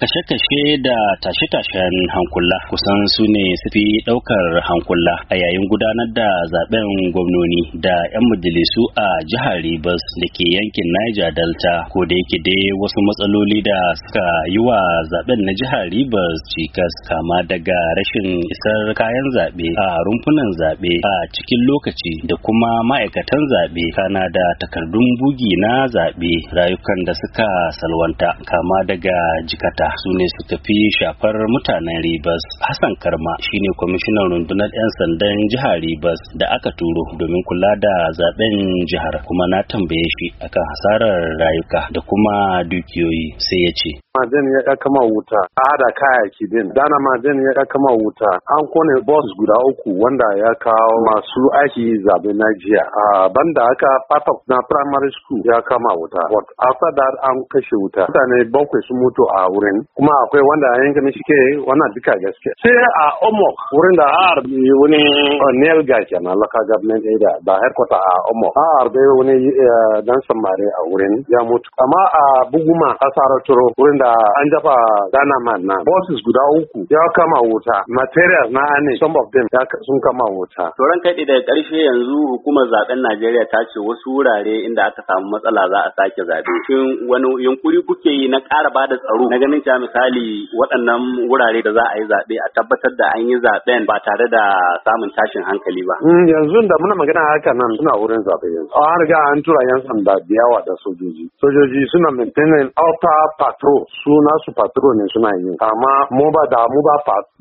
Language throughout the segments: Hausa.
kashe-kashe da tashe-tashen hankula kusan su ne sufi ɗaukar hankula a yayin gudanar da zaben gwamnoni da 'yan majalisu a jihar Ribas da ke yankin Niger Delta ko da yake dai wasu matsaloli da suka yi wa zaben na jihar Rivers cikas kama daga rashin isar kayan zaɓe a rumfunan zaɓe a cikin lokaci da kuma ma'aikatan zaɓe kana da takardun bugi na zaɓe rayukan da suka salwanta kama daga jikata su ne suka fi shafar mutanen Ribas. Hassan Karma shine kwamishinan rundunar 'yan sandan jihar Ribas da aka turo domin kula da zaben jihar kuma na tambaye shi akan hasarar rayuka da kuma dukiyoyi sai ya ce. Mazen ya ɗaka kama wuta, a hada kayaki din, dana mazen ya ɗaka kama wuta, an kone bus guda uku wanda ya kawo masu aiki zabe na jiya. A banda aka part na primary school ya kama wuta. But after that an kashe wuta. Mutane bakwai sun mutu a wurin kuma akwai wanda an yanke mishi ke wannan duka gaske sai a omo wurin da a arbi wani uh, neil guy na local government area da headquarter a omo a arbi wani uh, dan samari a wurin ya mutu amma a buguma a saratoro wurin da an jafa dana man na bosses guda uku ya kama wuta material na ne some of them sun kama wuta to ran da karshe yanzu hukumar zaben Najeriya ta ce wasu wurare inda aka samu matsala za a sake zaɓe. shin wani yunkuri kuke yi na ƙara bada tsaro na ganin sha misali waɗannan wurare da za a yi zaɓe a tabbatar da an yi zaɓen ba tare da samun tashin hankali ba. Mm, yanzu da muna magana haka nan suna wurin zaɓe yanzu. An riga an tura yan sanda da yawa da sojoji. Sojoji suna maintaining outer patrol su nasu patrol ne suna yi. Amma mu ba da mu ba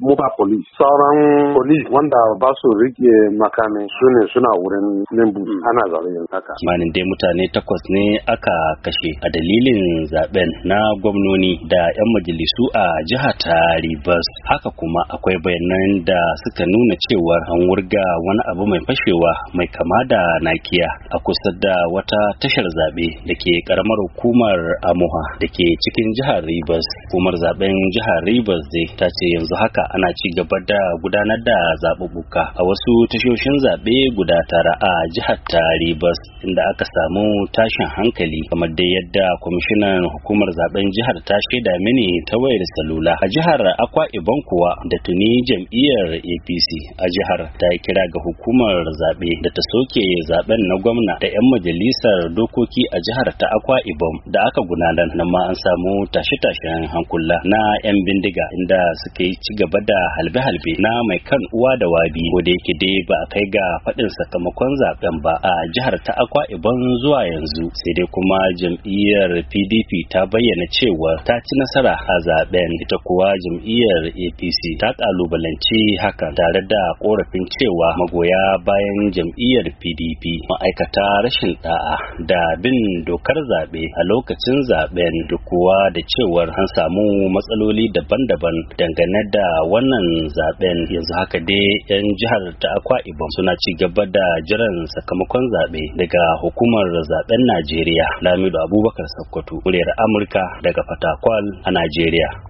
mu ba police. Sauran police wanda ba su rike makamin su ne suna wurin limbu mm. ana zaɓe yanzu haka. Kimanin dai mutane takwas ne aka kashe a dalilin zaɓen na gwamnoni da 'yan majalisu a jihar ta Rivers. Haka kuma akwai bayanan da suka nuna cewar an wurga wani abu mai fashewa mai kama da nakiya a kusa da wata tashar zaɓe da ke karamar hukumar amoha da ke cikin jihar Rivers. Hukumar zaben jihar Rivers dai ta ce yanzu haka ana ci gaba da gudanar da zaɓuɓɓuka a wasu tashoshin zaɓe guda tara a jihar ta Rivers inda aka samu tashin hankali kamar da yadda kwamishinan hukumar zaben jihar ta shaida mini ta ta wayar salula a jihar akwa ibon kuwa da tuni jam'iyyar apc a jihar ta yi kira ga hukumar zaɓe da ta soke zaɓen na gwamna da 'yan majalisar dokoki a jihar ta akwa ibom da aka gudanar nan ma an samu tashe-tashen hankula na 'yan bindiga inda suka yi ci gaba da halbe-halbe na mai kan uwa da wabi ko da yake dai ba a kai ga faɗin sakamakon zaɓen ba a jihar ta akwa ibom zuwa yanzu sai dai kuma jam'iyyar pdp ta bayyana cewa ta ci nasara nasara a zaben ita kuwa jam'iyyar apc ta kalubalanci haka tare da korafin cewa magoya bayan jam'iyyar pdp ma'aikata rashin da'a da bin dokar zaɓe a lokacin zaben da kuwa da cewar an samu matsaloli daban-daban dangane da wannan zaben yanzu haka dai 'yan jihar ta akwa ibom suna ci gaba da jiran sakamakon zaɓe daga hukumar zaben najeriya lamido abubakar sokoto muryar amurka daga fatakwal a Nigeria